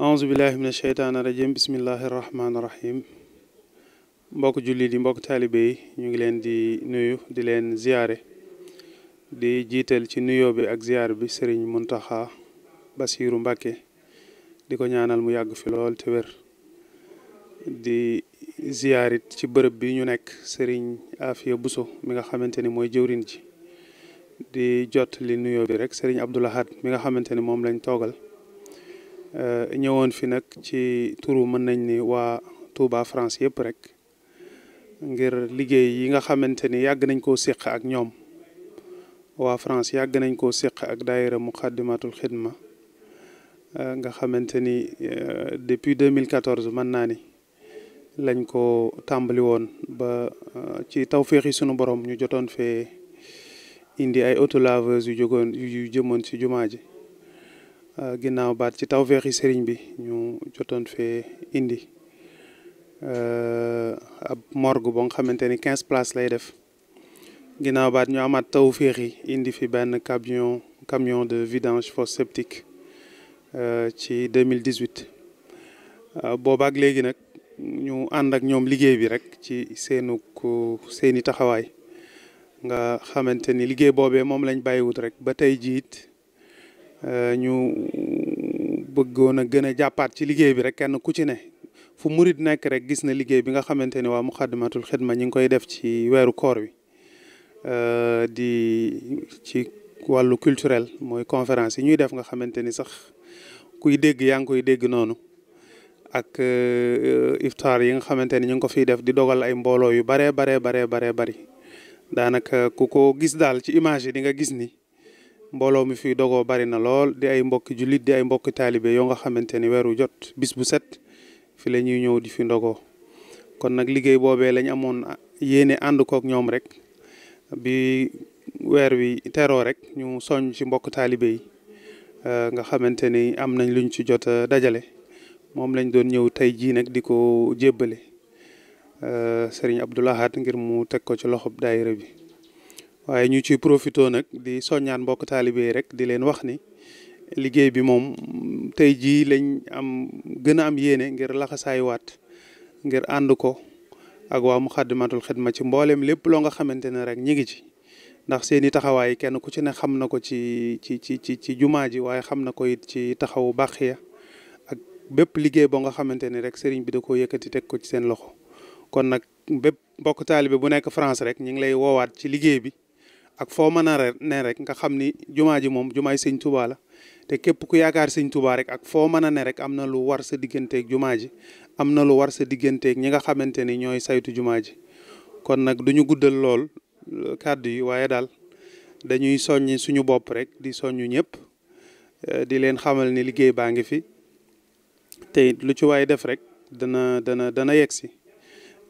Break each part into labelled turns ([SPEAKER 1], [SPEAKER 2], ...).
[SPEAKER 1] auzu billahi min asheytaani rajim bismillahi rahmaani rahim mbokk jullit yi mbokk taalibe yi ñu ngi leen di nuyu di leen ziyaare di jiital ci nuyo bi ak ziyaar bi sëriñ Muntaxa Basiiru Mbàkke di ko ñaanal mu yàgg fi lool te wér di ziyaarit ci bërëb bi ñu nekk sëriñ Afiya Buso mi nga xamante ni mooy jëwriñ ji di jot li nuyoo bi rek sëriñ Abdul Ahad mi nga xamante ni moom lañ toogal Euh, ñëwoon fi nag ci turu mën nañ ni waa Touba France yëpp rek ngir liggéey yi nga xamante ni yàgg nañ koo séq ak ñoom waa France yàgg nañ ko séq ak daayira Muqaddimatul Xidma euh, nga xamante ni euh, depuis 2014 mën naa ni lañ ko tàmbali woon ba ci taw tawféexi sunu borom ñu jotoon fee indi ay autolaveuses yu jógoon yu jëmoon ci jumaa ji Euh, ginnaaw baat ci tawféexi sëriñ bi ñu jotoon fee indi euh, ab morgue ba nga xamante ni quinze places lay def ginnaaw baat ñu amaat féexi indi fi benn camion camion de vidange fosse septique euh, ci 2018 boobaak léegi nag ñu ànd ak ñoom liggéey bi rek ci seenu seeni taxawaay nga xamante ni liggéey boobee moom lañ bàyyiwut rek ba tey jiit Euh, ñu bëggoon a gën a jàppaat ci liggéey bi rek kenn ku ci ne fu murit nekk rek gis na liggéey bi nga xamante ni waa Muxaddamatul Xidma ñi ngi koy def ci weeru koor wi euh, di ci wàllu culturel mooy conférence yi ñuy def nga xamante ni sax kuy dégg yaa ngi koy dégg noonu ak euh, iftaar yi nga xamante ni ñu ngi ko fiy def di dogal ay mbooloo yu baree baree baree baree bari daanaka ku ko gis daal ci image yi di nga gis ni mbooloo mi fii dogoo bari na lool di ay mbokki jullit di ay mbokki taalibe yoo nga xamante ni weeru jot bis bu set fi la ñuy ñëw di fi ndogoo kon nag liggéey boobee lañ amoon yéene ànd kook ñoom rek bi weer wi teroo rek ñu soñ ci mbokk taalibe yi euh, nga xamante ni am nañ luñ ci jot dajale moom lañ doon ñëw tey jii nag di ko jébbale euh, sëriñ Abdoul Ahad ngir mu teg ko ci loxob daayira bi waaye ñu ci profité nag di soññaan mbokk taalibe yi rek di leen wax ni liggéey bi moom tey jii lañ am gën a am yéene ngir laxasaay waat ngir ànd ko ak waa Muxaddamatul Xidma ci mbooleem lépp loo nga xamante ne rek ñi ngi ci ndax seen i taxawaay kenn ku ci ne xam na ko ci ci ci ci ci jumaa ji waaye xam na ko it ci taxawu bàq ya ak bépp liggéey boo nga xamante ni rek sëriñ bi da ko yëkkati teg ko ci seen loxo kon nag bépp mbokk taalibe bu nekk France rek ñu ngi lay woowaat ci liggéey bi ak foo mën a ne rek nga xam ni jumaa ji moom jumaay sëñ tubaa la te képp ku yaakaar sëñ tubaa rek ak foo mën a ne rek am na lu war sa digganteeg jumaa ji am na lu war sa digganteek ñi nga xamante ni ñooy saytu jumaa ji kon nag du ñu guddal lool euh, kàddu yi waaye daal dañuy soññ suñu bopp rek di soññu ñëpp euh, di leen xamal ni liggéey baa ngi fi te lu ci waay def rek dana dana dana yegg si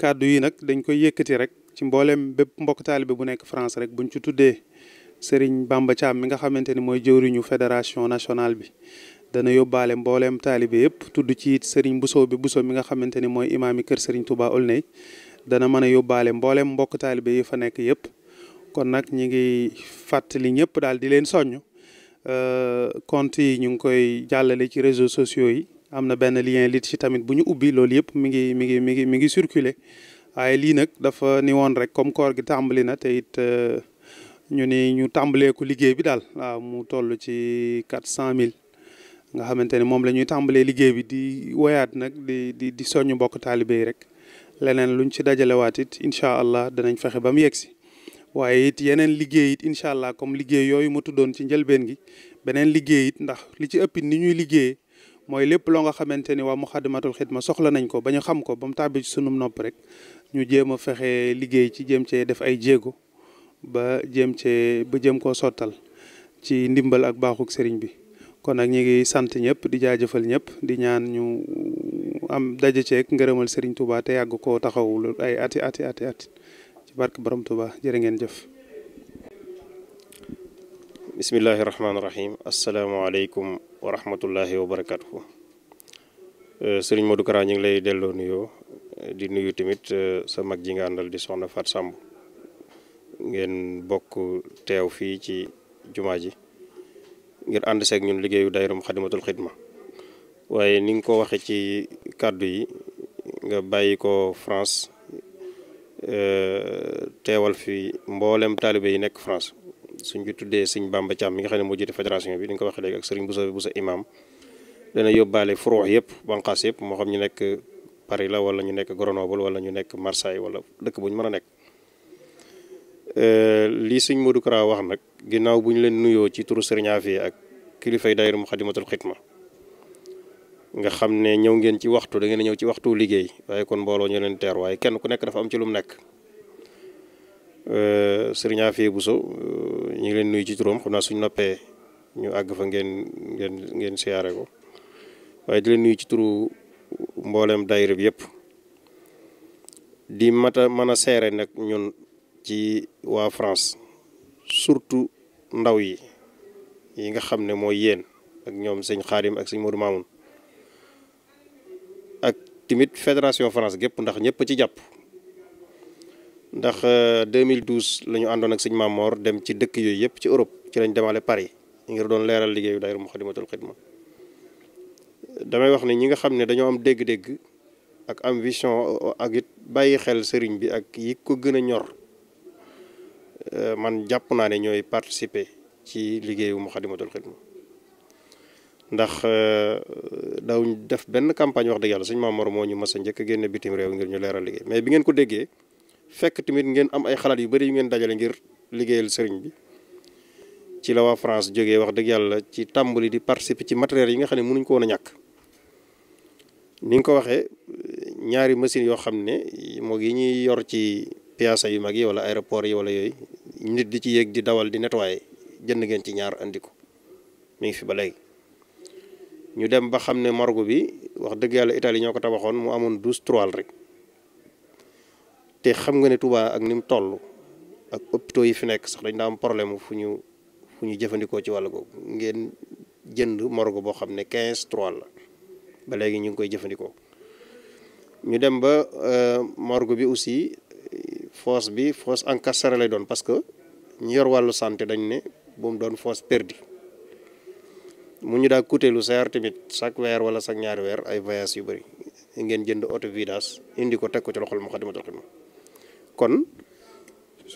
[SPEAKER 1] kàddu yi nag dañ koy yëkkati rek ci mbooleem bépp mbokk taalibe bu nekk France rek buñ ci tuddee Serigne Bamba Thiam mi nga xamante ni mooy jëwriñu fédération nationale bi dana yóbbaale mbooleem taalibe yëpp tudd ci it Serigne Bousso bi Bousso mi nga xamante ni mooy imaami kër Serigne Touba Aulnay dana mën a yóbbaale mbooleem mbokk taalibe yi fa nekk yëpp kon nag ñi ngi fàttali ñëpp daal di leen soññ euh, compte yi ñu ngi koy jàllale ci réseaux sociaux yi am na benn lien lit ci tamit bu ñu ubbi loolu yëpp mi ngi mi ngi mi ngi mi ngi circuler waaye lii nag dafa ni woon rek comme koor gi tàmbali na te it euh, ñu ni ñu tàmbalee ko liggéey bi daal waaw mu toll ci quatre cent mille nga xamante ne moom la ñuy tàmbalee liggéey bi di woyaat nag di di di soññ mbokk taalibe rek leneen luñ ci dajalewaat it incha allah danañ fexe ba mu yegg si waaye it yeneen liggéey it incha allah comme liggéey yooyu ma tuddoon ci njëlbeen gi beneen liggéey it ndax li ci ëpp ni ñuy liggéey mooy lépp loo nga xamante ni waa Muxaddamatul Xidma soxla nañ ko ba ñu xam ko ba mu tàbbi ci sunum nopp rek ñu jéem a fexe liggéey ci jéem cee def ay jéego ba jéem ci ba jëm koo sottal ci ndimbal ak baaxuk sëriñ bi kon nag ñu ngi sant ñëpp di jaajëfal ñëpp di ñaan ñu am daje ceeg ngërëmal sëriñ Touba te yàgg koo taxawul ay ati ati ati ci barke borom Touba jërë ngeen jëf.
[SPEAKER 2] bismillahi rahmaani rahim asalaamaaleykum wa rahmatullahi wa barakatuhu euh, sëriñ Modou Kara ñu ngi lay delloo nuyoo di nuyu tamit euh, sa mag ji nga àndal di soxna Fat Samb ngeen bokk teew fii ci jumaa ji ngir ànd seeg ñun liggéeyu dayrum xadimatul xidma waaye ni nga ko waxee ci kàddu yi nga bàyyi ko France euh, teewal fii mboolem taalibe yi nekk France suñ ko tuddee sëñ Bamba Thiam mi nga xam ne moo jiite fédération bi ni nga ko waxee léegi ak sëriñ Boussa Boussa imam dana yóbbaale furoox yëpp banqaas yëpp moo xam ñu nekk Paris la wala ñu nekk Grenoble wala ñu nekk Marseille wala dëkk bu ñu a nekk euh, lii sëñ Modou Kara wax nag ginnaaw bu ñu leen nuyoo ci turu sëriñ Afia ak kilifay daayira Muxaddamatul Xidma nga xam ne ñëw ngeen ci waxtu da ngeen ñëw ci waxtu liggéey waaye kon mbooloo ñu leen teer waaye kenn ku nekk dafa am ci lu mu nekk Euh, sëriñ Afia Bousso euh, ñu ngi leen nuyu ci turam xam naa suñ noppee ñu àgg fa ngeen ngeen ngeen siyaare ko waaye di leen nuyu ci turu mboolem daayira bi yëpp di mat a mën a seere nag ñun ci waa France surtout ndaw yi yi nga xam ne mooy yéen ak ñoom sëñ Xaadim ak sëñ Modou Mamoun ak tamit fédération France gépp ndax ñëpp ci jàpp ndax 2012 la ñu àndoon ak sëñ Mamor dem ci dëkk yooyu yëpp ci Europe ci lañ demale Paris ngir doon leeral liggéeyu daayira Muxaddamatul Xidma damay wax ne ñi nga xam ne dañoo am dégg-dégg ak am vision ak it bàyyi xel sëriñ bi ak yi ko gën a ñor euh, man jàpp naa ne ñooy participer ci liggéeyu Muxaddamatul Xidma ndax euh, daaw ñu def benn campagne wax dëgg yàlla sëñ Mamor moo ñu mës a njëkk a génne bitim réew ngir ñu leeral liggéey mais bi ngeen ko déggee. fekk tamit ngeen am ay xalaat yu bari yu ngeen dajale ngir liggéeyal sëriñ bi ci la waa France jóge wax dëgg yàlla ci tàmbali di participer ci matériels yi nga xam ne mu ko woon a ñàkk ko waxee ñaari machines yoo xam ne moog yi ñuy yor ci piyaasa yu mag yi wala aéroport yi wala yooyu nit di ci yéeg di dawal di nettoyer jënd ngeen ci ñaar indi ko mi ngi fi ba léegi. ñu dem ba xam ne margo bi wax dëgg yàlla Italie ñoo ko tabaxoon mu amoon douze trois rek. te xam nga ne Touba ak ni mu toll ak hôpitaux yi fi nekk sax dañ daa am problème fu ñu fu ñu jëfandikoo ci wàll googu ngeen jënd morgue boo xam ne quinze trois la ba léegi ñu ngi koy jëfandikoo ñu dem ba euh, morgue bi aussi fosse bi fosse encastrée lay doon parce que ñu yor wàllu santé dañ ne bu mu doon fosse perdue mu ñu daa coûter lu seer tamit chaque weer wala chaque ñaari weer ay voyages yu bari ngeen jënd auto vidange indi ko teg ko ci loxol Moukhaddamatoul Khidma kon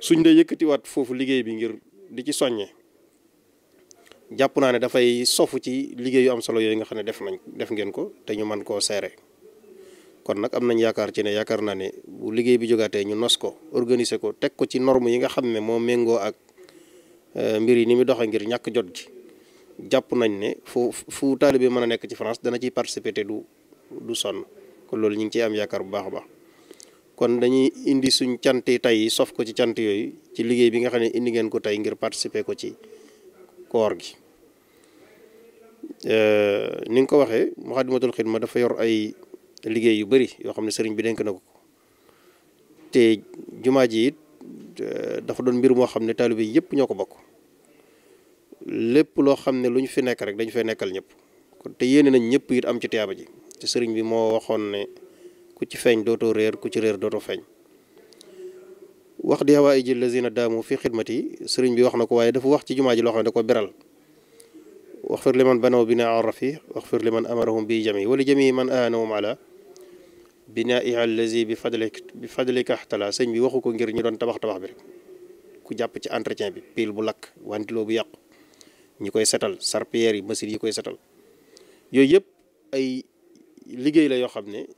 [SPEAKER 2] suñ la yëkkatiwaat foofu liggéey bi ngir di ci soññe jàpp naa ne dafay sofu ci liggéey am solo yooyu nga xam ne def nañ def ngeen ko te ñu man koo seere kon nag am nañ yaakaar ci ne yaakaar naa ne bu liggéey bi jógaatee ñu nos ko organiser ko teg ko ci norme yi nga xam ne moo méngoo ak euh, mbir yi ni mu doxee ngir ñàkk jot gi jàpp nañ ne fu fu taalibe mën a nekk ci France dana ciy participer te du du sonn kon loolu ñu ngi ciy am yaakaar bu baax a kon dañuy indi suñ cant yi tey sof ko ci cant yooyu ci liggéey bi nga xam ne indi ngeen ko tey ngir participer ko ci koor gi euh, ni nga ko waxee Muxaddamatul ma dafa yor ay liggéey yu bari yoo xam ne sëriñ bi denk na ko te jumaa ji it euh, dafa doon mbir moo xam ne taalibe yëpp ñoo ko bokk lépp loo xam ne lu ñu fi nekk rek dañu fay nekkal ñëpp te yéene nañ ñëpp it am ci tiyaaba ji te sëriñ bi moo waxoon ne ku ci feeñ dootoo réer ku ci réer dooto feeñ wax di hawaa ijil lazina daamu fi xidmati sëriñ bi wax na ko waaye dafa wax ci jumaa ji loo xam ne da ko beral wax fir liman banaw binaa rafi wax fir liman amarahum bi jami wala jami man aanahum ala binaa'i allazi bi fadlik bi fadlika axtala sëñ bi waxu ko ngir ñu doon tabax tabax bi rek ku jàpp ci entretien bi pile bu lakk wantiloo bu yàqu ñi koy setal sarpières yi machines yi koy setal yooyu yëpp ay liggéey la yoo xam ne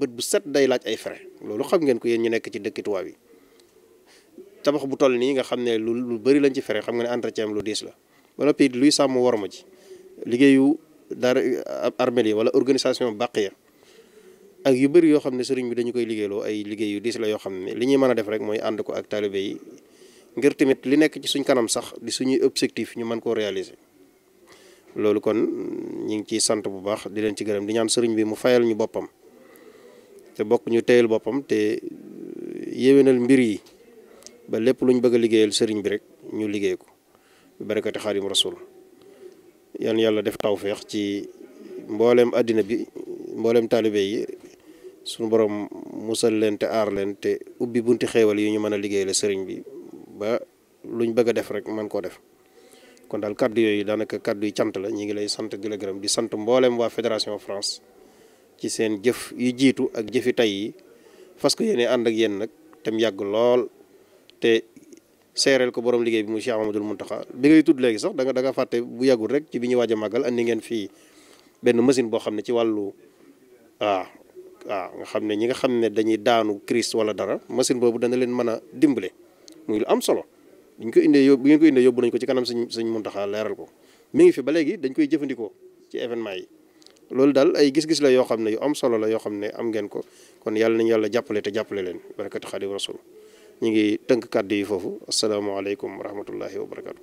[SPEAKER 2] bët bu set day laaj ay frais loolu xam ngeen ko yéen ñu nekk ci dëkki tubaab yi tabax bu toll nii nga xam ne lu lu bëri lañ ci frais xam nga ne entretien am lu diis la wala pit luy sàmm war ma ci liggéeyu dara armel yi wala organisation bàqiya ak yu bëri yoo xam ne sëriñ bi dañu koy liggéeyloo ay liggéey yu diis la yoo xam ne li ñuy mën a def rek mooy ànd ko ak taalibe yi ngir tamit li nekk ci suñ kanam sax di suñuy objectif ñu mën koo réaliser loolu kon ñu ngi ciy sant bu baax di leen ci gërëm di ñaan sëriñ bi mu fayal ñu boppam te bokk ñu teyal boppam te euh, yéwénal mbir yi ba lépp lu ñu bëgg a liggéeyal sëriñ bi rek ñu liggéey ko barakati xaadim rasul yan yàlla def tawféex ci mbooleem àddina bi mbooleem taalibe yi suñu borom musal leen te aar leen te ubbi bunti xéewal yi ñu mën a liggéeyal sëriñ bi ba luñ bëgg a def rek mën koo def kon daal kàddu yooyu daanaka kàddu yi cant la ñu ngi lay sant di la gërëm di sant mbooleem waa fédération France ci seen jëf yu jiitu ak jëfi tey yi fas yenee ànd ak yenn nag tem yàgg lool te seereel ko borom liggéey bi mu Cheikh Mamadou Mountakha bi ngay tudd léegi sax da danga da nga fàtte bu yàggul rek ci bi ñu waaj a màggal andi ngeen fii benn machine boo xam ne ci wàllu waaw ah, ah, waaw nga xam ne ñi nga xam ne dañuy daanu crise wala dara machine boobu dana leen mën a dimbale muy lu am solo buñ ko indee yób bu ngeen ko indee yóbbu nañ ko ci kanam sëñ sëñ Mountakha leeral ko mi ngi fi ba léegi dañ koy jëfandikoo ci événement yi loolu daal ay gis-gis la yoo xam ne yu am solo la yoo xam ne am ngeen ko kon yàlla nañu yàlla jàppale te jàppale leen barakatu xaadim rasul ñu ngi tënk kàddu yi foofu asalaamaaleykum wa rahmatullahi wa barakatu